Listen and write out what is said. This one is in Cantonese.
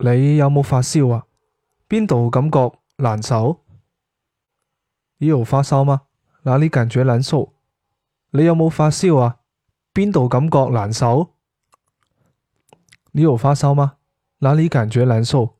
你有冇發燒啊？邊度感覺難受？你有發燒嗎？哪裡感覺難受？你有冇發燒啊？邊度感覺難受？你有發燒嗎？哪裡感覺難受？